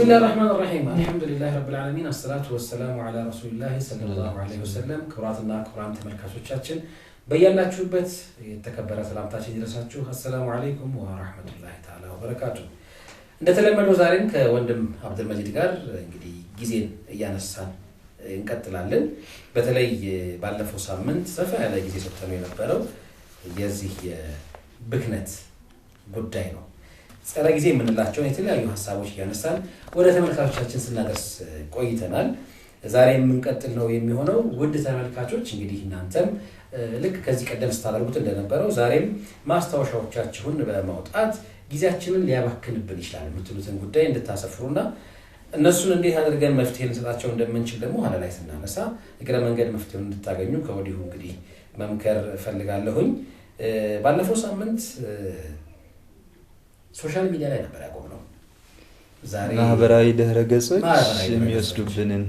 ብስሚላህ ራህማን ራሒም አልሐምዱሊላህ ረብል ዓለሚን አሰላቱ ወሰላሙ ዓላ ረሱሊላህ ሰለላሁ ዓለይሂ ወሰለም። ክቡራትና ክቡራን ተመልካቾቻችን በያላችሁበት የተከበረ ሰላምታችን ይድረሳችሁ። አሰላሙ ዓለይኩም ወራህመቱላሂ ተዓላ ወበረካቱ። እንደተለመደው ዛሬም ከወንድም አብዱልመጂድ ጋር እንግዲህ ጊዜን እያነሳን እንቀጥላለን። በተለይ ባለፈው ሳምንት ሰፋ ያለ ጊዜ ሰጥተነው የነበረው የዚህ የብክነት ጉዳይ ነው። ጸረ ጊዜ የምንላቸውን የተለያዩ ሀሳቦች እያነሳን ወደ ተመልካቾቻችን ስናደርስ ቆይተናል። ዛሬ የምንቀጥል ነው የሚሆነው። ውድ ተመልካቾች እንግዲህ እናንተም ልክ ከዚህ ቀደም ስታደርጉት እንደነበረው ዛሬም ማስታወሻዎቻችሁን በማውጣት ጊዜያችንን ሊያባክንብን ይችላል የምትሉትን ጉዳይ እንድታሰፍሩና እነሱን እንዴት አድርገን መፍትሄ ልንሰጣቸው እንደምንችል ደግሞ ኋላ ላይ ስናነሳ እግረ መንገድ መፍትሄውን እንድታገኙ ከወዲሁ እንግዲህ መምከር እፈልጋለሁኝ። ባለፈው ሳምንት ሶሻል ሚዲያ ላይ ነበር ያቆምነው። ማህበራዊ ድህረ ገጾች የሚወስዱብንን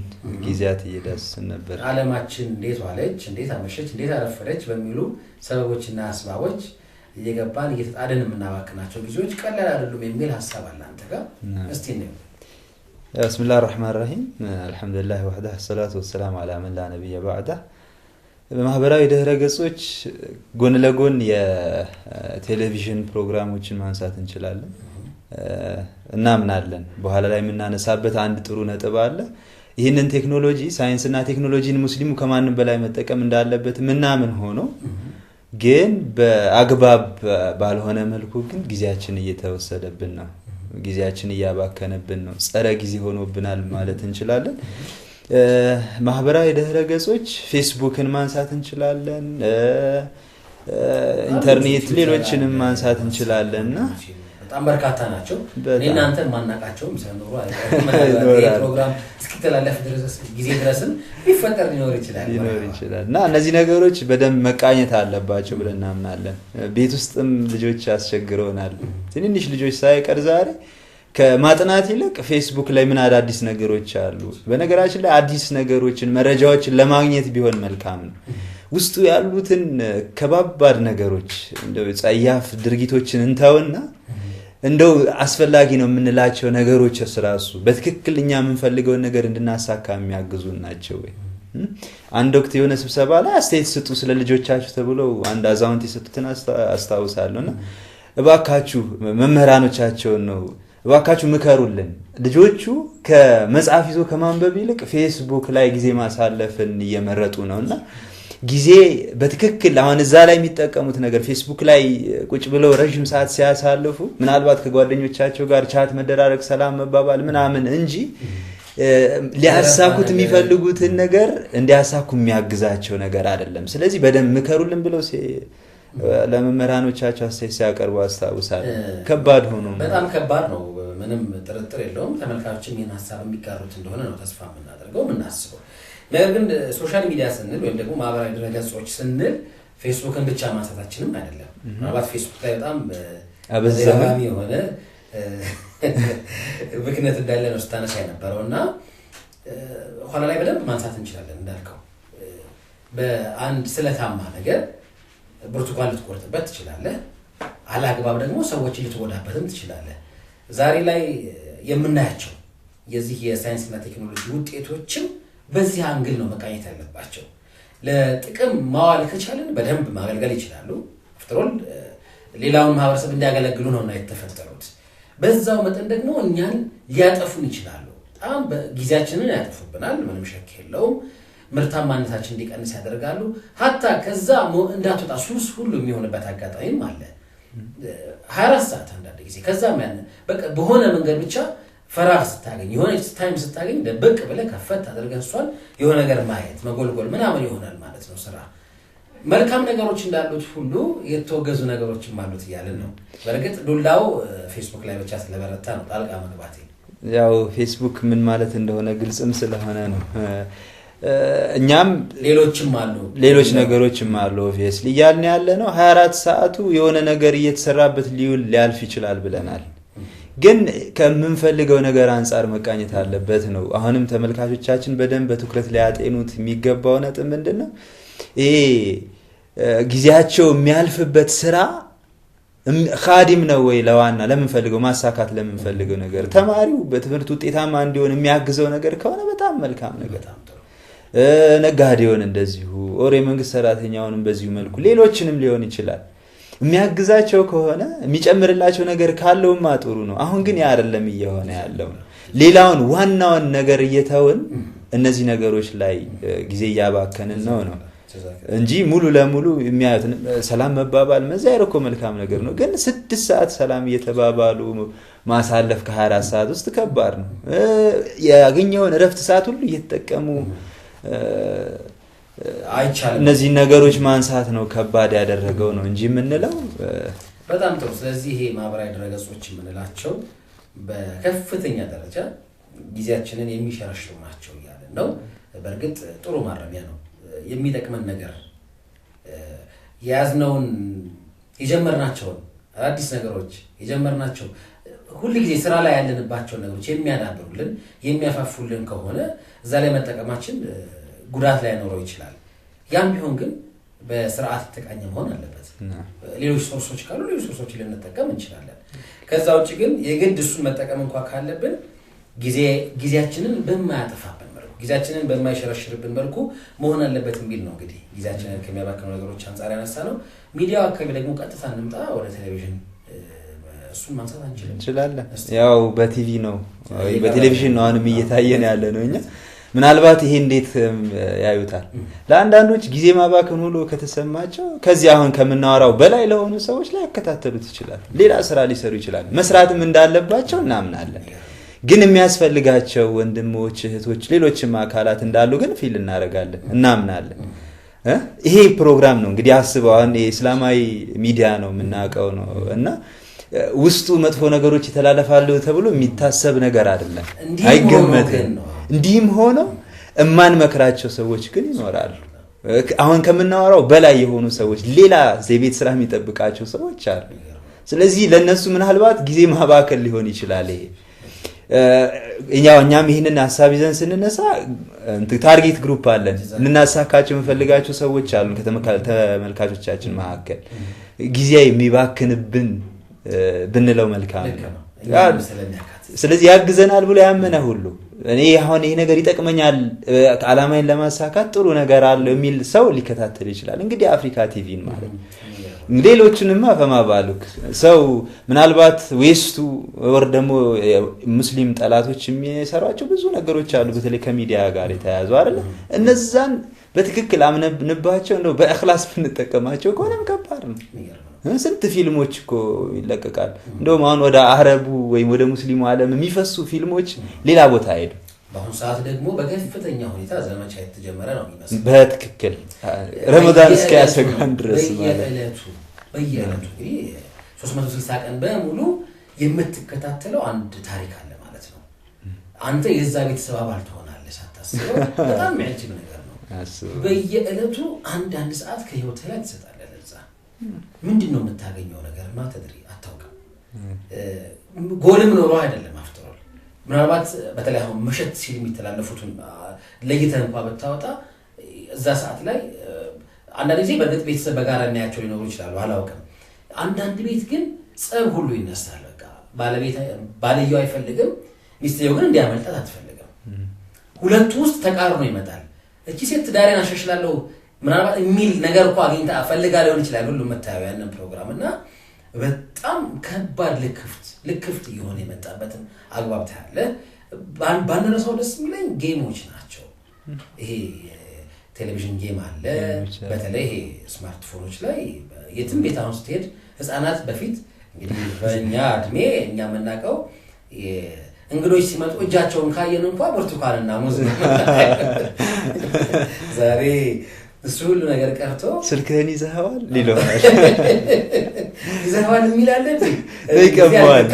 ጊዜያት እየዳስን ነበር። አለማችን እንዴት ዋለች፣ እንዴት አመሸች፣ እንዴት አረፈደች በሚሉ ሰበቦችና አስባቦች እየገባን እየተጣደን የምናባክናቸው ጊዜዎች ቀላል አይደሉም የሚል ሀሳብ አለ አንተ ጋር እስቲ ብስሚላህ ራህማን ራሂም አልሐምዱሊላህ ወሕዳ ሰላቱ ወሰላም አላ መን ላ ነቢየ ባዕዳ በማህበራዊ ድህረ ገጾች ጎን ለጎን የቴሌቪዥን ፕሮግራሞችን ማንሳት እንችላለን። እናምናለን በኋላ ላይ የምናነሳበት አንድ ጥሩ ነጥብ አለ። ይህንን ቴክኖሎጂ ሳይንስና ቴክኖሎጂን ሙስሊሙ ከማንም በላይ መጠቀም እንዳለበት ምናምን ሆኖ ግን በአግባብ ባልሆነ መልኩ ግን ጊዜያችን እየተወሰደብን ነው። ጊዜያችን እያባከነብን ነው። ጸረ ጊዜ ሆኖብናል ማለት እንችላለን። ማህበራዊ ድህረ ገጾች ፌስቡክን ማንሳት እንችላለን፣ ኢንተርኔት፣ ሌሎችንም ማንሳት እንችላለን እና በጣም በርካታ ናቸው። እናንተን ማናቃቸውም ሳይኖሩ ፕሮግራም እስኪተላለፍ ጊዜ ድረስም ሊፈጠር ሊኖር ይችላል ሊኖር ይችላል እና እነዚህ ነገሮች በደንብ መቃኘት አለባቸው ብለን እናምናለን። ቤት ውስጥም ልጆች አስቸግረውናል። ትንንሽ ልጆች ሳይቀር ዛሬ ከማጥናት ይልቅ ፌስቡክ ላይ ምን አዳዲስ ነገሮች አሉ። በነገራችን ላይ አዲስ ነገሮችን መረጃዎችን ለማግኘት ቢሆን መልካም ነው። ውስጡ ያሉትን ከባባድ ነገሮች እንደው ጸያፍ ድርጊቶችን እንተውና እንደው አስፈላጊ ነው የምንላቸው ነገሮች ስራሱ በትክክል እኛ የምንፈልገውን ነገር እንድናሳካ የሚያግዙ ናቸው አንድ ወቅት የሆነ ስብሰባ ላይ አስተያየት ስጡ ስለ ልጆቻችሁ ተብለው አንድ አዛውንት የሰጡትን አስታውሳለሁ። እና እባካችሁ መምህራኖቻቸውን ነው እባካችሁ ምከሩልን። ልጆቹ ከመጽሐፍ ይዞ ከማንበብ ይልቅ ፌስቡክ ላይ ጊዜ ማሳለፍን እየመረጡ ነው እና ጊዜ በትክክል አሁን እዛ ላይ የሚጠቀሙት ነገር ፌስቡክ ላይ ቁጭ ብለው ረዥም ሰዓት ሲያሳልፉ ምናልባት ከጓደኞቻቸው ጋር ቻት መደራረግ፣ ሰላም መባባል ምናምን እንጂ ሊያሳኩት የሚፈልጉትን ነገር እንዲያሳኩ የሚያግዛቸው ነገር አይደለም። ስለዚህ በደንብ ምከሩልን ብለው ለመምህራኖቻቸው አስተያየት ሲያቀርቡ አስታውሳል። ከባድ ሆኖ በጣም ከባድ ነው፣ ምንም ጥርጥር የለውም። ተመልካቾችም ይህን ሀሳብ የሚጋሩት እንደሆነ ነው ተስፋ የምናደርገው የምናስበው። ነገር ግን ሶሻል ሚዲያ ስንል ወይም ደግሞ ማህበራዊ ድረገጾች ስንል ፌስቡክን ብቻ ማንሳታችንም አይደለም። ምናልባት ፌስቡክ ላይ በጣም አበዛሚ የሆነ ብክነት እንዳለ ነው ስታነሳ የነበረው እና ኋላ ላይ በደንብ ማንሳት እንችላለን እንዳልከው በአንድ ስለታማ ነገር ብርቱካን ልትቆርጥበት ትችላለህ። አላግባብ ደግሞ ሰዎች ልትጎዳበትም ትችላለህ። ዛሬ ላይ የምናያቸው የዚህ የሳይንስና ቴክኖሎጂ ውጤቶችም በዚህ አንግል ነው መቃኘት ያለባቸው። ለጥቅም ማዋል ከቻልን በደንብ ማገልገል ይችላሉ። አፍትሮል ሌላውን ማህበረሰብ እንዲያገለግሉ ነው እና የተፈጠሩት። በዛው መጠን ደግሞ እኛን ሊያጠፉን ይችላሉ። በጣም ጊዜያችንን ያጠፉብናል። ምንም ሸክ የለውም። ምርታማነታችን እንዲቀንስ ያደርጋሉ። ሀታ ከዛ እንዳትወጣ ሱስ ሁሉ የሚሆንበት አጋጣሚም አለ። ሀያ አራት ሰዓት አንዳንድ ጊዜ ከዛም ያን በሆነ መንገድ ብቻ ፈራህ ስታገኝ የሆነ ታይም ስታገኝ ብቅ ብለህ ከፈት አድርገህ እሷን የሆነ ነገር ማየት መጎልጎል ምናምን ይሆናል ማለት ነው ስራ መልካም ነገሮች እንዳሉት ሁሉ የተወገዙ ነገሮችም አሉት እያለን ነው። በእርግጥ ዱላው ፌስቡክ ላይ ብቻ ስለበረታ ነው ጣልቃ መግባቴ። ያው ፌስቡክ ምን ማለት እንደሆነ ግልጽም ስለሆነ ነው እኛም ሌሎችም አሉ ሌሎች ነገሮችም አሉ። ኦብቪየስሊ እያልን ያለ ነው 24 ሰዓቱ የሆነ ነገር እየተሰራበት ሊውል ሊያልፍ ይችላል ብለናል። ግን ከምንፈልገው ነገር አንጻር መቃኘት አለበት ነው። አሁንም ተመልካቾቻችን በደንብ በትኩረት ሊያጤኑት የሚገባው ነጥብ ምንድን ነው? ይሄ ጊዜያቸው የሚያልፍበት ስራ ካዲም ነው ወይ ለዋና ለምንፈልገው ማሳካት ለምንፈልገው ነገር ተማሪው በትምህርት ውጤታማ እንዲሆን የሚያግዘው ነገር ከሆነ በጣም መልካም ነገር ነጋዴውን እንደዚሁ ኦር የመንግስት ሰራተኛውንም በዚሁ መልኩ ሌሎችንም ሊሆን ይችላል። የሚያግዛቸው ከሆነ የሚጨምርላቸው ነገር ካለውማ ጥሩ ነው። አሁን ግን ያ አይደለም እየሆነ ያለው። ሌላውን ዋናውን ነገር እየተውን እነዚህ ነገሮች ላይ ጊዜ እያባከንን ነው ነው እንጂ ሙሉ ለሙሉ የሚያዩት ሰላም መባባል መዛየር መልካም ነገር ነው። ግን ስድስት ሰዓት ሰላም እየተባባሉ ማሳለፍ ከ24 ሰዓት ውስጥ ከባድ ነው። ያገኘውን እረፍት ሰዓት ሁሉ እየተጠቀሙ አይቻልም። እነዚህ ነገሮች ማንሳት ነው ከባድ ያደረገው ነው እንጂ የምንለው በጣም ጥሩ። ስለዚህ ይሄ ማህበራዊ ድረገጾች የምንላቸው በከፍተኛ ደረጃ ጊዜያችንን የሚሸረሽሩ ናቸው እያለን ነው። በእርግጥ ጥሩ ማረሚያ ነው፣ የሚጠቅመን ነገር የያዝነውን የጀመርናቸውን አዳዲስ ነገሮች የጀመርናቸው ሁል ጊዜ ስራ ላይ ያለንባቸው ነገሮች የሚያዳብሩልን የሚያፋፉልን ከሆነ እዛ ላይ መጠቀማችን ጉዳት ላይኖረው ይችላል። ያም ቢሆን ግን በስርዓት የተቃኘ መሆን አለበት። ሌሎች ሶርሶች ካሉ ሌሎች ሶርሶች ልንጠቀም እንችላለን። ከዛ ውጭ ግን የግድ እሱን መጠቀም እንኳ ካለብን ጊዜያችንን በማያጠፋብን መልኩ ጊዜያችንን በማይሸረሽርብን መልኩ መሆን አለበት የሚል ነው እንግዲህ ጊዜያችንን ከሚያባክኑ ነገሮች አንጻር ያነሳ ነው። ሚዲያው አካባቢ ደግሞ ቀጥታ እንምጣ ወደ ቴሌቪዥን እሱን ማንሳት አንችልም። እንችላለን። ያው በቲቪ ነው በቴሌቪዥን ነው አሁንም እየታየን ያለ ነው እኛ ምናልባት ይሄ እንዴት ያዩታል? ለአንዳንዶች ጊዜ ማባከን ሁሉ ከተሰማቸው ከዚህ አሁን ከምናወራው በላይ ለሆኑ ሰዎች ላያከታተሉት ይችላል። ሌላ ስራ ሊሰሩ ይችላል። መስራትም እንዳለባቸው እናምናለን። ግን የሚያስፈልጋቸው ወንድሞች፣ እህቶች፣ ሌሎችም አካላት እንዳሉ ግን ፊል እናደርጋለን እናምናለን። ይሄ ፕሮግራም ነው እንግዲህ አስበው አሁን የእስላማዊ ሚዲያ ነው የምናውቀው ነው እና ውስጡ መጥፎ ነገሮች ይተላለፋሉ ተብሎ የሚታሰብ ነገር አይደለም፣ አይገመትም። እንዲህም ሆነው እማን መክራቸው ሰዎች ግን ይኖራሉ። አሁን ከምናወራው በላይ የሆኑ ሰዎች፣ ሌላ የቤት ስራ የሚጠብቃቸው ሰዎች አሉ። ስለዚህ ለእነሱ ምናልባት ጊዜ ማባከል ሊሆን ይችላል። ይሄ እኛም ይህንን ሀሳብ ይዘን ስንነሳ ታርጌት ግሩፕ አለን። ልናሳካቸው የምፈልጋቸው ሰዎች አሉ ከተመልካቾቻችን መካከል ጊዜ የሚባክንብን ብንለው መልካም ስለዚህ ያግዘናል ብሎ ያመነ ሁሉ እኔ አሁን ይህ ነገር ይጠቅመኛል ዓላማዬን ለማሳካት ጥሩ ነገር አለው የሚል ሰው ሊከታተል ይችላል። እንግዲህ አፍሪካ ቲቪን ማለት ሌሎችንማ ፈማ ባሉክ ሰው ምናልባት ዌስቱ ወር ደግሞ ሙስሊም ጠላቶች የሚሰሯቸው ብዙ ነገሮች አሉ። በተለይ ከሚዲያ ጋር የተያያዙ አለ እነዛን በትክክል አምነንባቸው እንደው በእክላስ ብንጠቀማቸው ከሆነም ከባድ ነው። ስንት ፊልሞች እኮ ይለቀቃል። እንደውም አሁን ወደ አረቡ ወይም ወደ ሙስሊሙ አለም የሚፈሱ ፊልሞች ሌላ ቦታ አይሄዱ። በአሁኑ ሰዓት ደግሞ በከፍተኛ ሁኔታ ዘመቻ የተጀመረ ነው የሚመስለው። በትክክል ረመዳን ያሰጋን ድረስ በየዕለቱ በየዕለቱ እንግዲህ 360 ቀን በሙሉ የምትከታተለው አንድ ታሪክ አለ ማለት ነው። አንተ የዛ ቤተሰብ አባል ትሆናለህ ሳታስበው። በጣም የሚያጅብ ነገር ነው። በየዕለቱ አንዳንድ ሰዓት ከህይወት ላይ ትሰጣል ምንድን ነው የምታገኘው ነገርማ ተድሪ አታውቅም። ጎልም ኖሮ አይደለም አፍትሯል። ምናልባት በተለይ አሁን መሸት ሲል የሚተላለፉትን ለይተህ እንኳ ብታወጣ እዛ ሰዓት ላይ አንዳንድ ጊዜ በእርግጥ ቤተሰብ በጋራ እናያቸው ሊኖሩ ይችላሉ፣ አላውቅም። አንዳንድ ቤት ግን ጸብ ሁሉ ይነሳል። በቃ ባልየው አይፈልግም፣ ሚስትየው ግን እንዲያመልጣት አትፈልግም። ሁለቱ ውስጥ ተቃርኖ ይመጣል። እቺ ሴት ትዳሬን አሻሽላለሁ ምናልባት የሚል ነገር እኮ አግኝታ ፈልጋ ሊሆን ይችላል። ሁሉ መታየው ያንን ፕሮግራም እና በጣም ከባድ ልክፍት ልክፍት እየሆነ የመጣበትን አግባብ ታያለህ። ባንረሳው ደስ የሚለኝ ጌሞች ናቸው። ይሄ ቴሌቪዥን ጌም አለ። በተለይ ይሄ ስማርትፎኖች ላይ የትም ቤት አሁን ስትሄድ ህፃናት በፊት እንግዲህ በእኛ እድሜ እኛ የምናውቀው እንግዶች ሲመጡ እጃቸውን ካየን እንኳ ብርቱካንና ሙዝ ዛሬ እሱ ሁሉ ነገር ቀርቶ ስልክህን ይዘኸዋል ሊለዋል ይዘኸዋል የሚላለን ይቀመዋል።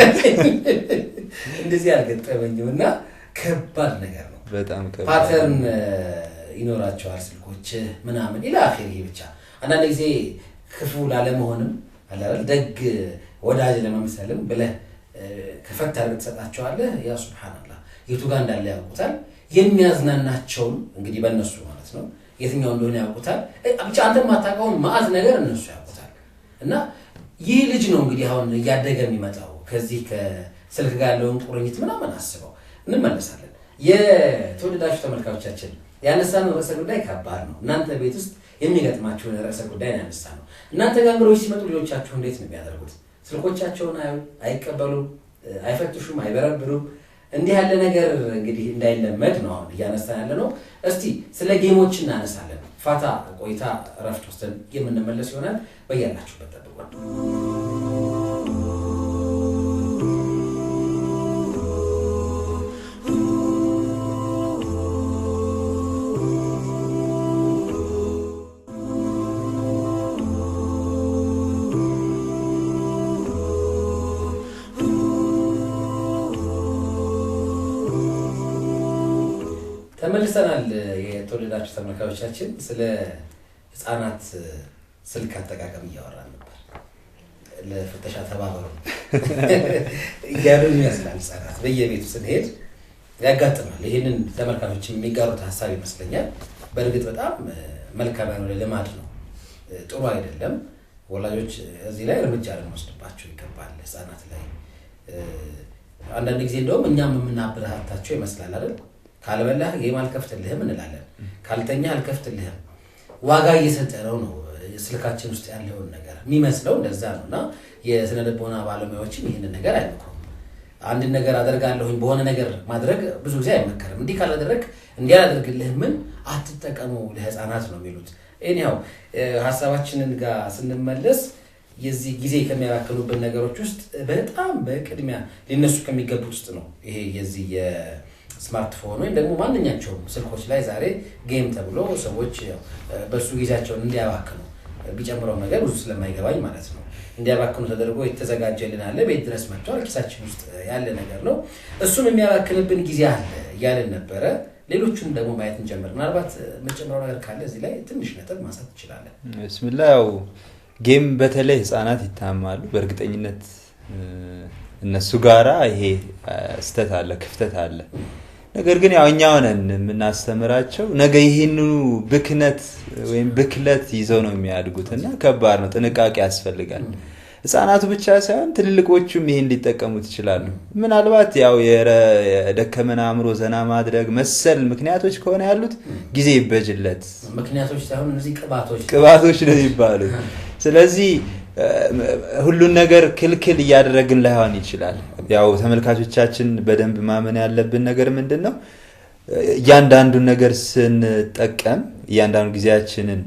እንደዚህ አልገጠመኝም እና ከባድ ነገር ነው። በጣም ፓተርን ይኖራቸዋል ስልኮች ምናምን ይላል። ይሄ ብቻ አንዳንድ ጊዜ ክፉ ላለመሆንም አላል ደግ ወዳጅ ለመምሰልም ብለህ ከፈት አድርገህ ትሰጣቸዋለህ። ያ ሱብሃነላህ የቱ ጋር እንዳለ ያውቁታል። የሚያዝናናቸውን እንግዲህ በእነሱ ማለት ነው የትኛው እንደሆነ ያውቁታል። ብቻ አንተ ማታውቀውን መዓት ነገር እነሱ ያውቁታል። እና ይህ ልጅ ነው እንግዲህ አሁን እያደገ የሚመጣው ከዚህ ከስልክ ጋር ያለውን ቁርኝት ምናምን አስበው እንመለሳለን። የተወደዳችሁ ተመልካቾቻችን ያነሳነው ርዕሰ ጉዳይ ከባድ ነው። እናንተ ቤት ውስጥ የሚገጥማቸውን ርዕሰ ጉዳይ ያነሳ ነው። እናንተ ጋር እንግዶች ሲመጡ ልጆቻችሁ እንዴት ነው የሚያደርጉት? ስልኮቻቸውን አይቀበሉም፣ አይፈትሹም፣ አይበረብሩም እንዲህ ያለ ነገር እንግዲህ እንዳይለመድ ነው አሁን እያነሳን ያለ ነው። እስቲ ስለ ጌሞች እናነሳለን። ፋታ ቆይታ እረፍት ወስደን የምንመለስ ይሆናል። በያላችሁበት ጠብቋል። ተመልካዮቻችን ስለ ህፃናት ስልክ አጠቃቀም እያወራን ነበር። ለፍተሻ ተባበሩ እያሉ ይመስላል። ህጻናት በየቤቱ ስንሄድ ያጋጥማል። ይህንን ተመልካቾች የሚጋሩት ሀሳብ ይመስለኛል። በእርግጥ በጣም መልካም ያልሆነ ልማድ ነው፣ ጥሩ አይደለም። ወላጆች እዚህ ላይ እርምጃ ልንወስድባቸው ይገባል። ህፃናት ላይ አንዳንድ ጊዜ እንደውም እኛም የምናበረታታቸው ይመስላል አይደል ካልበላህ ይህም አልከፍትልህም እንላለን። ካልተኛ አልከፍትልህም። ዋጋ እየሰጠነው ነው ስልካችን ውስጥ ያለውን ነገር የሚመስለው እንደዛ ነው። እና የስነ ልቦና ባለሙያዎችም ይህንን ነገር አይመክሩም። አንድን ነገር አደርጋለሁኝ በሆነ ነገር ማድረግ ብዙ ጊዜ አይመከርም። እንዲህ ካላደረግ እንዲህ አላደርግልህ ምን አትጠቀሙ ለህፃናት ነው የሚሉት። ያው ሀሳባችንን ጋር ስንመለስ የዚህ ጊዜ ከሚያባክኑብን ነገሮች ውስጥ በጣም በቅድሚያ ሊነሱ ከሚገቡት ውስጥ ነው ይሄ የዚህ ስማርትፎን ወይም ደግሞ ማንኛቸውም ስልኮች ላይ ዛሬ ጌም ተብሎ ሰዎች በሱ ጊዜያቸውን እንዲያባክኑ ቢጨምረው ነገር ብዙ ስለማይገባኝ ማለት ነው እንዲያባክኑ ተደርጎ የተዘጋጀልን አለ ቤት ድረስ መጥቷል። ኪሳችን ውስጥ ያለ ነገር ነው። እሱን የሚያባክንብን ጊዜ አለ እያልን ነበረ። ሌሎቹን ደግሞ ማየት እንጀምር። ምናልባት መጨምረው ነገር ካለ እዚህ ላይ ትንሽ ነጥብ ማንሳት እንችላለን። ብስሚላ ያው ጌም በተለይ ህፃናት ይታማሉ። በእርግጠኝነት እነሱ ጋራ ይሄ ስተት አለ፣ ክፍተት አለ። ነገር ግን ያው እኛ ነን የምናስተምራቸው። ነገ ይህን ብክነት ወይም ብክለት ይዘው ነው የሚያድጉት እና ከባድ ነው። ጥንቃቄ ያስፈልጋል። ህፃናቱ ብቻ ሳይሆን ትልልቆቹም ይህን ሊጠቀሙት ይችላሉ። ምናልባት ያው የደከመን አእምሮ ዘና ማድረግ መሰል ምክንያቶች ከሆነ ያሉት ጊዜ ይበጅለት። ምክንያቶች ሳይሆን እነዚህ ቅባቶች ነው የሚባሉት። ስለዚህ ሁሉን ነገር ክልክል እያደረግን ላይሆን ይችላል። ያው ተመልካቾቻችን በደንብ ማመን ያለብን ነገር ምንድን ነው? እያንዳንዱን ነገር ስንጠቀም፣ እያንዳንዱ ጊዜያችንን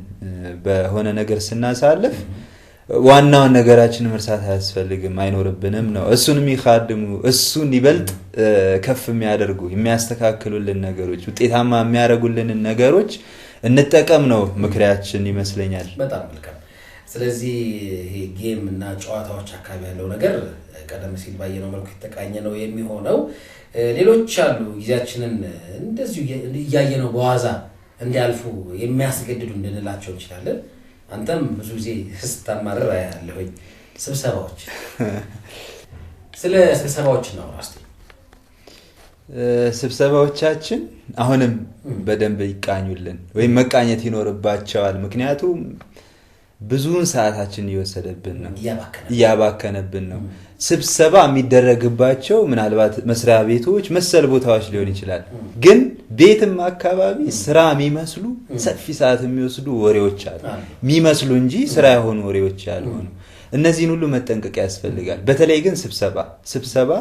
በሆነ ነገር ስናሳልፍ ዋናውን ነገራችን መርሳት አያስፈልግም አይኖርብንም ነው። እሱን የሚካድሙ እሱን ይበልጥ ከፍ የሚያደርጉ የሚያስተካክሉልን ነገሮች ውጤታማ የሚያደረጉልንን ነገሮች እንጠቀም ነው ምክሪያችን ይመስለኛል። ስለዚህ ይሄ ጌም እና ጨዋታዎች አካባቢ ያለው ነገር ቀደም ሲል ባየነው መልኩ የተቃኘ ነው የሚሆነው። ሌሎች አሉ ጊዜያችንን እንደዚሁ እያየነው በዋዛ እንዲያልፉ የሚያስገድዱ እንድንላቸው እንችላለን። አንተም ብዙ ጊዜ ስታማረር ያለሁኝ ስብሰባዎች፣ ስለ ስብሰባዎች ነው ራስ ስብሰባዎቻችን አሁንም በደንብ ይቃኙልን ወይም መቃኘት ይኖርባቸዋል። ምክንያቱም ብዙውን ሰዓታችን እየወሰደብን ነው፣ እያባከነብን ነው። ስብሰባ የሚደረግባቸው ምናልባት መስሪያ ቤቶች መሰል ቦታዎች ሊሆን ይችላል። ግን ቤትም አካባቢ ስራ የሚመስሉ ሰፊ ሰዓት የሚወስዱ ወሬዎች አሉ፣ የሚመስሉ እንጂ ስራ የሆኑ ወሬዎች ያልሆኑ። እነዚህን ሁሉ መጠንቀቅ ያስፈልጋል። በተለይ ግን ስብሰባ ስብሰባ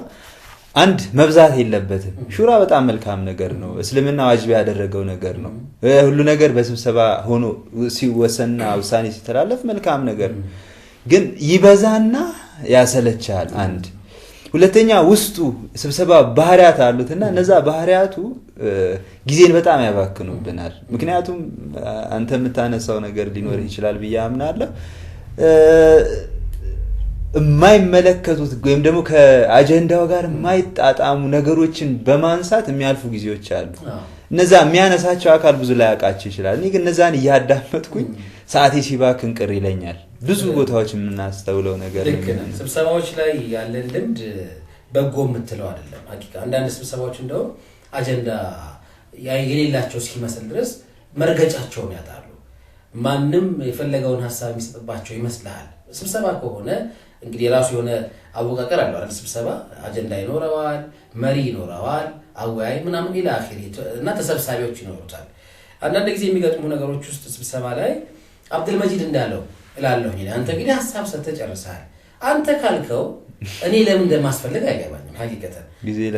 አንድ መብዛት የለበትም። ሹራ በጣም መልካም ነገር ነው። እስልምና ዋጅብ ያደረገው ነገር ነው። ሁሉ ነገር በስብሰባ ሆኖ ሲወሰንና ውሳኔ ሲተላለፍ መልካም ነገር ነው። ግን ይበዛና ያሰለቻል። አንድ ሁለተኛ፣ ውስጡ ስብሰባ ባህሪያት አሉትና እነዛ ባህሪያቱ ጊዜን በጣም ያባክኑብናል። ምክንያቱም አንተ የምታነሳው ነገር ሊኖር ይችላል ብዬ አምናለሁ። የማይመለከቱት ወይም ደግሞ ከአጀንዳው ጋር የማይጣጣሙ ነገሮችን በማንሳት የሚያልፉ ጊዜዎች አሉ። እነዛ የሚያነሳቸው አካል ብዙ ላይ ያውቃቸው ይችላል። እኔ ግን እነዛን እያዳመጥኩኝ ሰዓቴ ሲባክን ቅር ይለኛል። ብዙ ቦታዎች የምናስተውለው ነገር ስብሰባዎች ላይ ያለን ልምድ በጎ የምትለው አይደለም። አንዳንድ ስብሰባዎች እንደውም አጀንዳ የሌላቸው እስኪመስል ድረስ መርገጫቸውን ያጣሉ። ማንም የፈለገውን ሀሳብ የሚሰጥባቸው ይመስልሃል ስብሰባ ከሆነ እንግዲህ የራሱ የሆነ አወቃቀር አለው አይደል? ስብሰባ አጀንዳ ይኖረዋል፣ መሪ ይኖረዋል፣ አወያይ ምናምን ሌላ አኼር እና ተሰብሳቢዎች ይኖሩታል። አንዳንድ ጊዜ የሚገጥሙ ነገሮች ውስጥ ስብሰባ ላይ አብድልመጂድ እንዳለው እላለሁ አንተ እንግዲህ ሀሳብ ሰጥተህ ጨርሰሃል። አንተ ካልከው እኔ ለምን እንደማስፈልግ አይገባኝም። ሀቂቀተን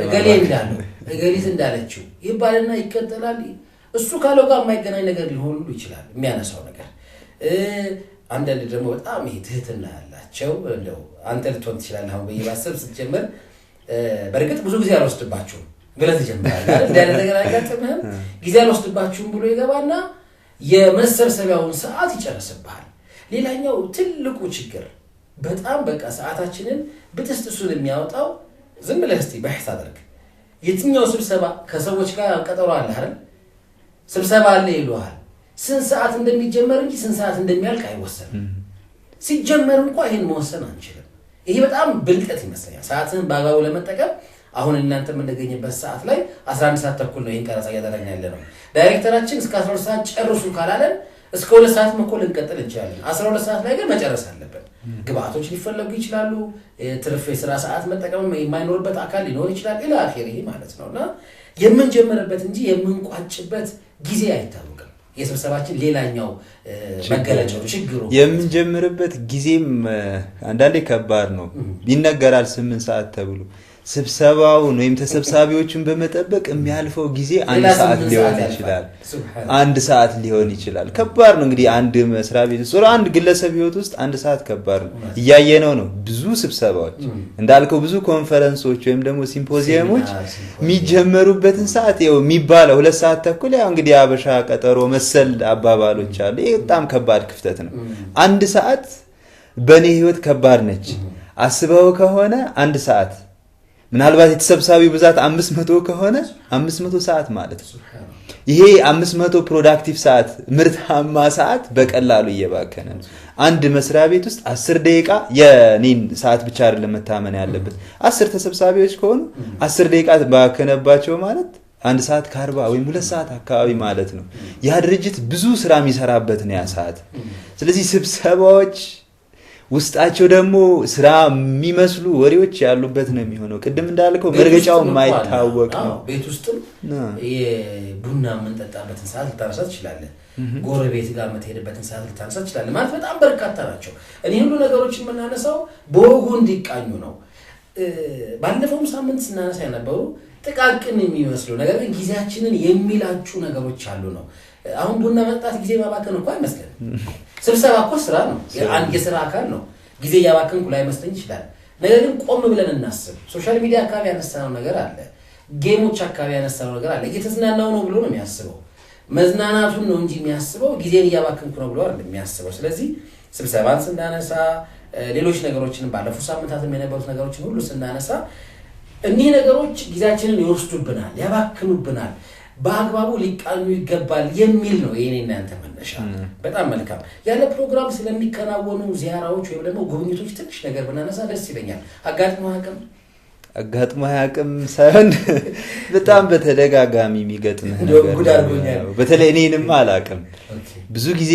እገሌ እንዳለው እገሊት እንዳለችው ይባልና ይቀጠላል። እሱ ካለው ጋር የማይገናኝ ነገር ሊሆን ይችላል የሚያነሳው ነገር። አንዳንድ ደግሞ በጣም ይሄ ትህትና ያለ ናቸው። እንደው አንተ ልትሆን ትችላለህ አሁን ብዬ ባሰብ ስትጀምር በእርግጥ ብዙ ጊዜ አልወስድባችሁም ብለህ ትጀምራለህ። እንዲህ ዓይነት ነገር አያጋጥምህም? ጊዜ አልወስድባችሁም ብሎ ይገባና የመሰብሰቢያውን ሰዓት ይጨርስብሃል። ሌላኛው ትልቁ ችግር በጣም በቃ ሰዓታችንን ብትስትሱን የሚያወጣው ዝም ብለህ እስኪ በሕስ አድርግ። የትኛው ስብሰባ ከሰዎች ጋር ቀጠሮ አለ አይደል? ስብሰባ አለ ይሉሃል። ስንት ሰዓት እንደሚጀመር እንጂ ስንት ሰዓት እንደሚያልቅ አይወሰንም። ሲጀመር እንኳ ይህን መወሰን አንችልም። ይሄ በጣም ብልጠት ይመስለኛል። ሰዓትን በአግባቡ ለመጠቀም አሁን እናንተ የምንገኝበት ሰዓት ላይ 11 ሰዓት ተኩል ነው ይህን ቀረጻ እያደረግን ያለ ነው። ዳይሬክተራችን እስከ 12 ሰዓት ጨርሱ ካላለን እስከ ሁለት ሰዓት መኮ ልንቀጥል እንችላለን። 12 ሰዓት ላይ ግን መጨረስ አለብን። ግብአቶች ሊፈለጉ ይችላሉ። ትርፍ የስራ ሰዓት መጠቀም የማይኖርበት አካል ሊኖር ይችላል። ኢላ ይሄ ማለት ነው እና የምንጀምርበት እንጂ የምንቋጭበት ጊዜ አይታ የስብሰባችን ሌላኛው መገለጫው ችግሩ የምንጀምርበት ጊዜም አንዳንዴ ከባድ ነው። ይነገራል ስምንት ሰዓት ተብሎ ስብሰባውን ወይም ተሰብሳቢዎችን በመጠበቅ የሚያልፈው ጊዜ አንድ ሰዓት ሊሆን ይችላል፣ አንድ ሰዓት ሊሆን ይችላል። ከባድ ነው እንግዲህ አንድ መስሪያ ቤት ውስጥ አንድ ግለሰብ ህይወት ውስጥ አንድ ሰዓት ከባድ ነው። እያየነው ነው። ብዙ ስብሰባዎች እንዳልከው ብዙ ኮንፈረንሶች ወይም ደግሞ ሲምፖዚየሞች የሚጀመሩበትን ሰዓት ው የሚባለው ሁለት ሰዓት ተኩል ያው እንግዲህ አበሻ ቀጠሮ መሰል አባባሎች አሉ። ይህ በጣም ከባድ ክፍተት ነው። አንድ ሰዓት በእኔ ህይወት ከባድ ነች። አስበው ከሆነ አንድ ሰዓት ምናልባት የተሰብሳቢው ብዛት አምስት መቶ ከሆነ አምስት መቶ ሰዓት ማለት ነው። ይሄ አምስት መቶ ፕሮዳክቲቭ ሰዓት ምርታማ ሰዓት በቀላሉ እየባከነ ነው። አንድ መስሪያ ቤት ውስጥ አስር ደቂቃ የኔን ሰዓት ብቻ አይደለም መታመን ያለበት። አስር ተሰብሳቢዎች ከሆኑ አስር ደቂቃ ባከነባቸው ማለት አንድ ሰዓት ከአርባ ወይም ሁለት ሰዓት አካባቢ ማለት ነው። ያ ድርጅት ብዙ ስራ የሚሰራበት ነው ያ ሰዓት። ስለዚህ ስብሰባዎች ውስጣቸው ደግሞ ስራ የሚመስሉ ወሬዎች ያሉበት ነው የሚሆነው። ቅድም እንዳልከው መርገጫው የማይታወቅ ነው። ቤት ውስጥም ቡና የምንጠጣበትን ሰዓት ልታነሳ ትችላለህ። ጎረቤት ጋር የምትሄድበትን ሰዓት ልታነሳ ትችላለህ። ማለት በጣም በርካታ ናቸው። እኔ ሁሉ ነገሮች የምናነሳው በወጉ እንዲቃኙ ነው። ባለፈውም ሳምንት ስናነሳ የነበሩ ጥቃቅን የሚመስሉ ነገር ግን ጊዜያችንን የሚላጩ ነገሮች አሉ ነው። አሁን ቡና መጠጣት ጊዜ ማባከን እንኳ አይመስለን ስብሰባ እኮ ስራ ነው፣ የስራ አካል ነው። ጊዜ እያባከንኩ ላይ መስለኝ ይችላል። ነገር ግን ቆም ብለን እናስብ። ሶሻል ሚዲያ አካባቢ ያነሳነው ነገር አለ፣ ጌሞች አካባቢ ያነሳነው ነገር አለ። እየተዝናናው ነው ብሎ ነው የሚያስበው። መዝናናቱን ነው እንጂ የሚያስበው ጊዜን እያባከንኩ ነው ብሎ የሚያስበው። ስለዚህ ስብሰባን ስናነሳ ሌሎች ነገሮችን ባለፉት ሳምንታትም የነበሩት ነገሮችን ሁሉ ስናነሳ እኒህ ነገሮች ጊዜያችንን ይወስዱብናል፣ ያባክኑብናል። በአግባቡ ሊቃኙ ይገባል የሚል ነው የኔ እናንተ መነሻ። በጣም መልካም። ያለ ፕሮግራም ስለሚከናወኑ ዚያራዎች ወይም ደግሞ ጉብኝቶች ትንሽ ነገር ብናነሳ ደስ ይለኛል። አጋጥሞ አያውቅም? አጋጥሞ አያውቅም ሳይሆን በጣም በተደጋጋሚ የሚገጥምህ በተለይ እኔንም አላውቅም። ብዙ ጊዜ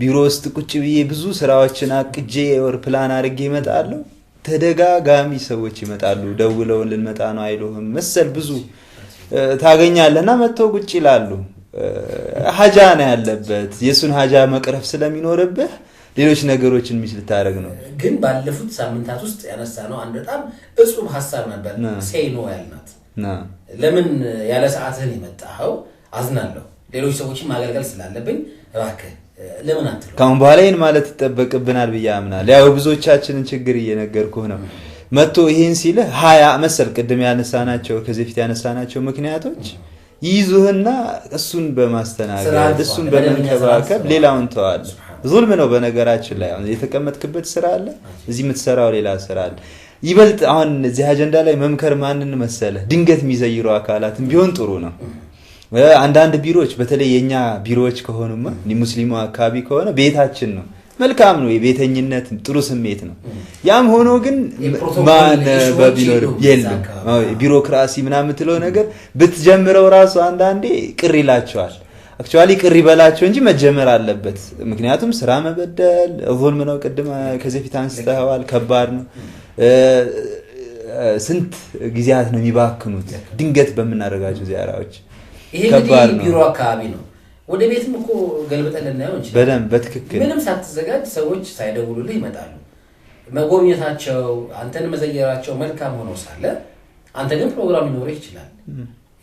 ቢሮ ውስጥ ቁጭ ብዬ ብዙ ስራዎችን አቅጄ ወር ፕላን አድርጌ ይመጣለሁ። ተደጋጋሚ ሰዎች ይመጣሉ። ደውለውን ልንመጣ ነው አይሉህም መሰል ብዙ ታገኛለህና መጥተው ቁጭ ይላሉ። ሀጃ ነው ያለበት። የእሱን ሀጃ መቅረፍ ስለሚኖርብህ ሌሎች ነገሮችን ሚችል ታደረግ ነው። ግን ባለፉት ሳምንታት ውስጥ ያነሳ ነው አንድ በጣም እጹም ሀሳብ ነበር። ሴኖ ያልናት ለምን ያለ ሰዓትህን የመጣኸው አዝናለሁ፣ ሌሎች ሰዎችን ማገልገል ስላለብኝ ራክ ለምን አትለው። ካሁን በኋላ ይህን ማለት ይጠበቅብናል ብዬ አምናለሁ። ያው ብዙዎቻችንን ችግር እየነገርኩህ ነው። መጥቶ ይህን ሲልህ ሀያ መሰል ቅድም ያነሳናቸው ከዚህ ፊት ያነሳናቸው ምክንያቶች ይይዙህና እሱን በማስተናገድ እሱን በመንከባከብ ሌላውን ተዋል። ዙልም ነው በነገራችን ላይ አሁን የተቀመጥክበት ስራ አለ፣ እዚህ የምትሰራው ሌላ ስራ አለ። ይበልጥ አሁን እዚህ አጀንዳ ላይ መምከር ማንን መሰለ ድንገት የሚዘይሩ አካላትን ቢሆን ጥሩ ነው። አንዳንድ ቢሮዎች በተለይ የኛ ቢሮዎች ከሆኑማ ሙስሊሙ አካባቢ ከሆነ ቤታችን ነው መልካም ነው። የቤተኝነት ጥሩ ስሜት ነው። ያም ሆኖ ግን ማን በቢኖርም የለም ቢሮክራሲ ምናምን ትለው ነገር ብትጀምረው ራሱ አንዳንዴ ቅር ይላቸዋል። አክቹዋሊ ቅር ይበላቸው እንጂ መጀመር አለበት። ምክንያቱም ስራ መበደል ዙልም ነው። ቅድም ከዚህ ፊት አንስተዋል። ከባድ ነው። ስንት ጊዜያት ነው የሚባክኑት ድንገት በምናደርጋቸው ዚያራዎች። ይሄ ቢሮ አካባቢ ነው ወደ ቤትም እኮ ገልብጠን ልናየው እንችላለን። በደንብ በትክክል ምንም ሳትዘጋጅ ሰዎች ሳይደውሉልህ ይመጣሉ። መጎብኘታቸው፣ አንተን መዘየራቸው መልካም ሆኖ ሳለ አንተ ግን ፕሮግራም ሊኖርህ ይችላል።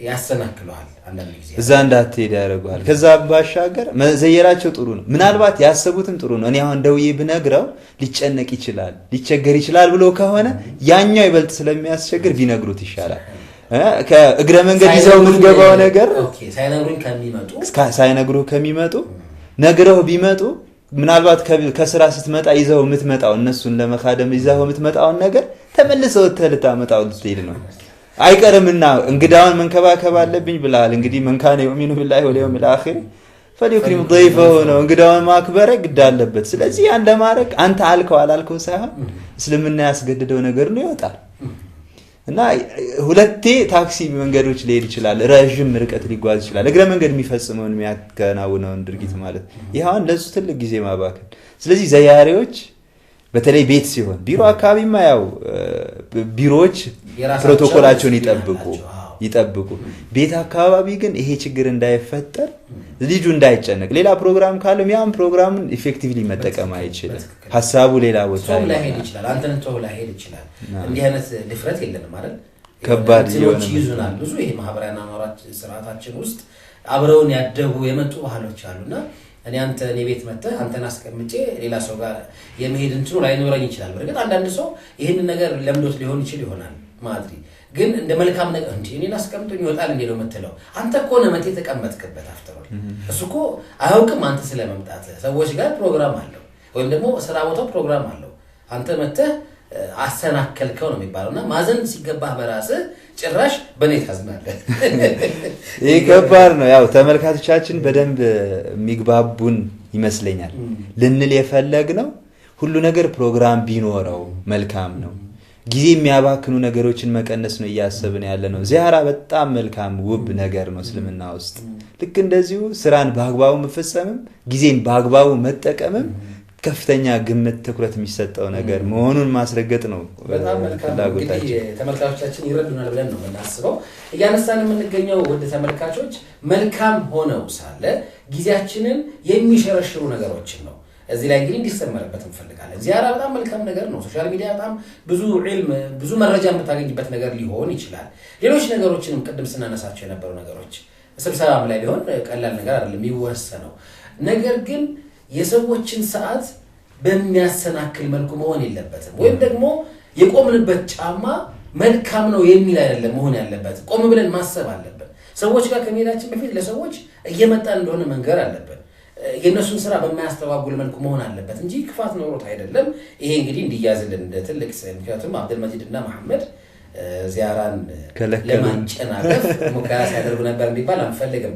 ያሰናክለዋል። አንዳንድ ጊዜ እዛ እንዳትሄድ ያደርገዋል። ከዛ ባሻገር መዘየራቸው ጥሩ ነው። ምናልባት ያሰቡትም ጥሩ ነው። እኔ አሁን ደውዬ ብነግረው ሊጨነቅ ይችላል፣ ሊቸገር ይችላል ብሎ ከሆነ ያኛው ይበልጥ ስለሚያስቸግር ቢነግሩት ይሻላል። ከእግረ መንገድ ይዘው የምንገባው ነገር ሳይነግሩ ከሚመጡ ነግረው ቢመጡ ምናልባት ከስራ ስትመጣ ይዘው የምትመጣው እነሱን ለመካደም ይዘው የምትመጣውን ነገር ተመልሰው ልታመጣው ልትሄድ ነው አይቀርምና እንግዳውን መንከባከብ አለብኝ ብለሃል። እንግዲህ መንካነ የሚኑ ቢላሂ ወልየውም ልአኺር ፈሊክሪም ደይፈሁ ነው። እንግዳውን ማክበረ ግድ አለበት። ስለዚህ ያን ለማድረግ አንተ አልከው አላልከው ሳይሆን እስልምና ያስገድደው ነገር ነው ይወጣል። እና ሁለቴ ታክሲ መንገዶች ሊሄድ ይችላል፣ ረዥም ርቀት ሊጓዝ ይችላል። እግረ መንገድ የሚፈጽመውን የሚያከናውነውን ድርጊት ማለት ይህ ለሱ ትልቅ ጊዜ ማባከል። ስለዚህ ዘያሪዎች በተለይ ቤት ሲሆን ቢሮ አካባቢማ ያው ቢሮዎች ፕሮቶኮላቸውን ይጠብቁ ይጠብቁ። ቤት አካባቢ ግን ይሄ ችግር እንዳይፈጠር ልጁ እንዳይጨነቅ ሌላ ፕሮግራም ካለው ያን ፕሮግራምን ኢፌክቲቭሊ መጠቀም አይችልም። ሀሳቡ ሌላ ቦታ ላይሄድ ይችላል። አንተን ተው ላይሄድ ይችላል። እንዲህ አይነት ድፍረት የለንም አይደል? ከባድ ሊሆን ይዙናል። ብዙ ይሄ ማህበራዊ አኗኗራች ስርዓታችን ውስጥ አብረውን ያደጉ የመጡ ባህሎች አሉና እኔ አንተ እኔ ቤት መጥተህ አንተን አስቀምጬ ሌላ ሰው ጋር የመሄድ እንትኑ ላይኖረኝ ይችላል። በእርግጥ አንዳንድ ሰው ይህንን ነገር ለምዶት ሊሆን ይችል ይሆናል ማድሪ ግን እንደ መልካም ነገር እንዲ እኔን አስቀምጦኝ ይወጣል እንዲ ነው የምትለው። አንተ እኮ ነህ የተቀመጥክበት አፍተሮል። እሱ እኮ አያውቅም አንተ ስለመምጣት ሰዎች ጋር ፕሮግራም አለው ወይም ደግሞ ስራ ቦታው ፕሮግራም አለው። አንተ መተህ አሰናከልከው ነው የሚባለው። እና ማዘን ሲገባህ በራስህ ጭራሽ በእኔ ታዝናለህ። ይህ ከባድ ነው። ያው ተመልካቶቻችን በደንብ የሚግባቡን ይመስለኛል። ልንል የፈለግ ነው ሁሉ ነገር ፕሮግራም ቢኖረው መልካም ነው ጊዜ የሚያባክኑ ነገሮችን መቀነስ ነው እያሰብን ያለ ነው። ዚያራ በጣም መልካም ውብ ነገር ነው እስልምና ውስጥ። ልክ እንደዚሁ ስራን በአግባቡ መፈጸምም ጊዜን በአግባቡ መጠቀምም ከፍተኛ ግምት፣ ትኩረት የሚሰጠው ነገር መሆኑን ማስረገጥ ነው ፍላጎታችን። ተመልካቾቻችን ይረዱናል ብለን ነው የምናስበው። እያነሳን የምንገኘው ውድ ተመልካቾች መልካም ሆነው ሳለ ጊዜያችንን የሚሸረሽሩ ነገሮችን ነው እዚህ ላይ እንግዲህ እንዲሰመርበት እንፈልጋለን። ዚያራ በጣም መልካም ነገር ነው። ሶሻል ሚዲያ በጣም ብዙ ዕልም ብዙ መረጃ የምታገኝበት ነገር ሊሆን ይችላል። ሌሎች ነገሮችንም ቅድም ስናነሳቸው የነበሩ ነገሮች ስብሰባም ላይ ቢሆን ቀላል ነገር አይደለም የሚወሰነው ነገር ግን የሰዎችን ሰዓት በሚያሰናክል መልኩ መሆን የለበትም። ወይም ደግሞ የቆምንበት ጫማ መልካም ነው የሚል አይደለም መሆን ያለበት። ቆም ብለን ማሰብ አለብን። ሰዎች ጋር ከመሄዳችን በፊት ለሰዎች እየመጣን እንደሆነ መንገር አለብን። የእነሱን ስራ በማያስተባጉል መልኩ መሆን አለበት እንጂ ክፋት ኖሮት አይደለም። ይሄ እንግዲህ እንዲያዝልን እንደ ትልቅ ምክንያቱም አብደልመጂድ እና መሐመድ ዚያራን ለማጨናገፍ ሙከራ ሲያደርጉ ነበር እንዲባል አንፈልግም።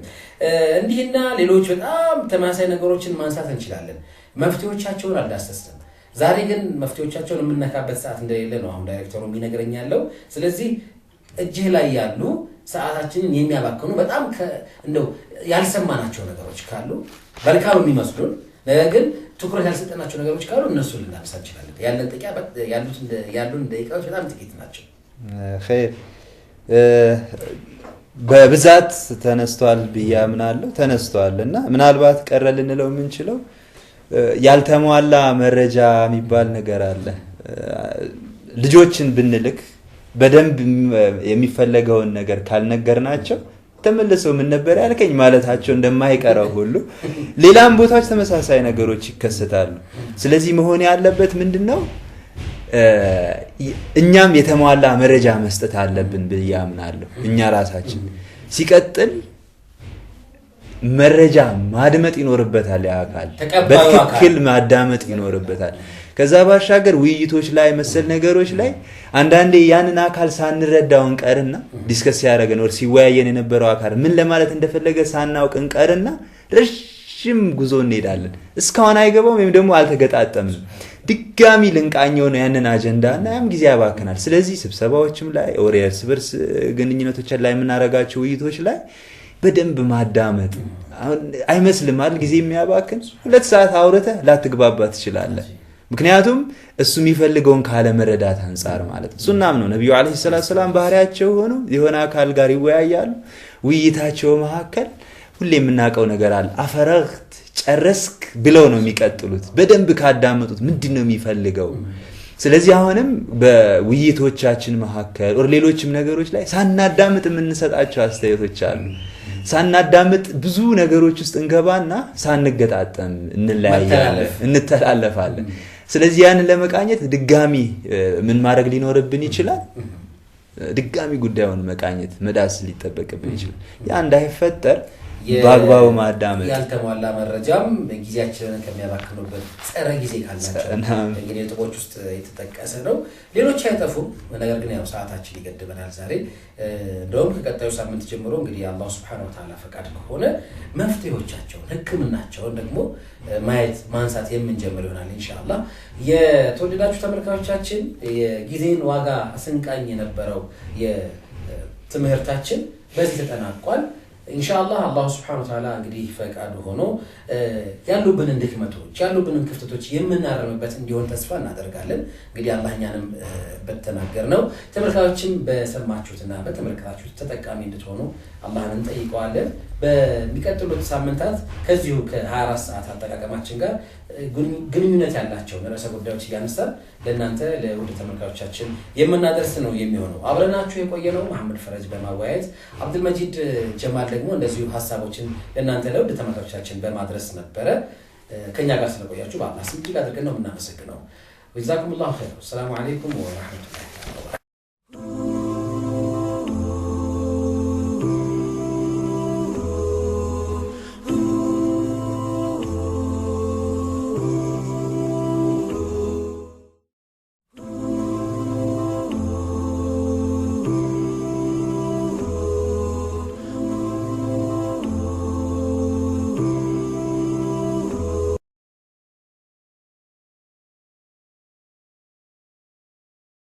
እንዲህና ሌሎች በጣም ተመሳሳይ ነገሮችን ማንሳት እንችላለን። መፍትሄዎቻቸውን አልዳሰስንም። ዛሬ ግን መፍትሄዎቻቸውን የምነካበት ሰዓት እንደሌለ ነው አሁን ዳይሬክተሩ የሚነግረኝ ያለው። ስለዚህ እጅህ ላይ ያሉ ሰዓታችንን የሚያባክኑ በጣም እንደው ያልሰማናቸው ነገሮች ካሉ መልካም የሚመስሉን ነገር ግን ትኩረት ያልሰጠናቸው ነገሮች ካሉ እነሱ ልናነሳ እንችላለን። ያለን ጥቂያ ያሉን ደቂቃዎች በጣም ጥቂት ናቸው። በብዛት ተነስቷል ብዬ አምናለሁ። ተነስቷል እና ምናልባት ቀረ ልንለው የምንችለው ያልተሟላ መረጃ የሚባል ነገር አለ። ልጆችን ብንልክ በደንብ የሚፈለገውን ነገር ካልነገርናቸው ተመልሰው ምን ነበር ያልከኝ ማለታቸው እንደማይቀረው ሁሉ ሌላም ቦታዎች ተመሳሳይ ነገሮች ይከሰታሉ። ስለዚህ መሆን ያለበት ምንድን ነው? እኛም የተሟላ መረጃ መስጠት አለብን ብዬ አምናለሁ፣ እኛ ራሳችን። ሲቀጥል መረጃ ማድመጥ ይኖርበታል። ያ አካል በትክክል ማዳመጥ ይኖርበታል። ከዛ ባሻገር ውይይቶች ላይ መሰል ነገሮች ላይ አንዳንዴ ያንን አካል ሳንረዳው እንቀርና ዲስከስ ሲያደረገን ወር ሲወያየን የነበረው አካል ምን ለማለት እንደፈለገ ሳናውቅ እንቀርና ረዥም ጉዞ እንሄዳለን። እስካሁን አይገባውም ወይም ደግሞ አልተገጣጠምም። ድጋሚ ልንቃኘው ነው ያንን አጀንዳ እና ያም ጊዜ ያባክናል። ስለዚህ ስብሰባዎችም ላይ ወር የእርስ በርስ ግንኙነቶች ላይ የምናደርጋቸው ውይይቶች ላይ በደንብ ማዳመጥ አይመስልም አይደል? ጊዜ የሚያባክን ሁለት ሰዓት አውርተህ ላትግባባ ትችላለህ። ምክንያቱም እሱ የሚፈልገውን ካለመረዳት አንጻር ማለት ነው። ሱናም ነው ነቢዩ ዓለይሂ ሰላቱ ሰላም ባህሪያቸው ሆኑ የሆነ አካል ጋር ይወያያሉ። ውይይታቸው መካከል ሁሌ የምናውቀው ነገር አለ። አፈረክት ጨረስክ ብለው ነው የሚቀጥሉት። በደንብ ካዳመጡት ምንድን ነው የሚፈልገው? ስለዚህ አሁንም በውይይቶቻችን መካከል ር ሌሎችም ነገሮች ላይ ሳናዳምጥ የምንሰጣቸው አስተያየቶች አሉ። ሳናዳምጥ ብዙ ነገሮች ውስጥ እንገባና ሳንገጣጠም እንለያያለን፣ እንተላለፋለን። ስለዚህ ያንን ለመቃኘት ድጋሚ ምን ማድረግ ሊኖርብን ይችላል? ድጋሚ ጉዳዩን መቃኘት መዳስ ሊጠበቅብን ይችላል። ያ እንዳይፈጠር በአግባቡ ማዳመጥ ያልተሟላ መረጃም ጊዜያችንን ከሚያባክኑበት ጸረ ጊዜ ካልናቸው ነጥቦች ውስጥ የተጠቀሰ ነው። ሌሎች አይጠፉም፣ ነገር ግን ያው ሰዓታችን ይገድበናል ዛሬ። እንደውም ከቀጣዩ ሳምንት ጀምሮ እንግዲህ አላሁ ስብሐነሁ ወተዓላ ፈቃድ ከሆነ መፍትሄዎቻቸውን ሕክምናቸውን ደግሞ ማየት ማንሳት የምንጀምር ይሆናል እንሻላ የተወደዳችሁ ተመልካቾቻችን የጊዜን ዋጋ አስንቃኝ የነበረው የትምህርታችን በዚህ ተጠናቋል። እንሻላ አላሁ ስብሐነሁ ወተዓላ እንግዲህ ፈቃዱ ሆኖ ያሉብንን ድክመቶች ያሉብንን ክፍተቶች የምናረምበት እንዲሆን ተስፋ እናደርጋለን። እንግዲህ አላህ እኛንም በተናገር ነው ተመልካቾችም በሰማችሁትና በተመልካታችሁት ተጠቃሚ እንድትሆኑ አላህን እንጠይቀዋለን። በሚቀጥሉት ሳምንታት ከዚሁ ከ24 ሰዓት አጠቃቀማችን ጋር ግንኙነት ያላቸው ርዕሰ ጉዳዮች እያነሳን ለእናንተ ለውድ ተመልካቾቻችን የምናደርስ ነው የሚሆነው። አብረናችሁ የቆየነው መሐመድ ፈረጅ በማወያየት አብዱልመጂድ ጀማል ደግሞ እንደዚሁ ሀሳቦችን ለእናንተ ለውድ ተመልካቾቻችን በማድረስ ነበረ። ከእኛ ጋር ስለቆያችሁ በአላስ ስም እጅግ አድርገን ነው የምናመሰግነው። ወጀዛኩም ላሁ ኸይር። ሰላሙ አለይኩም ወረሕመቱላሂ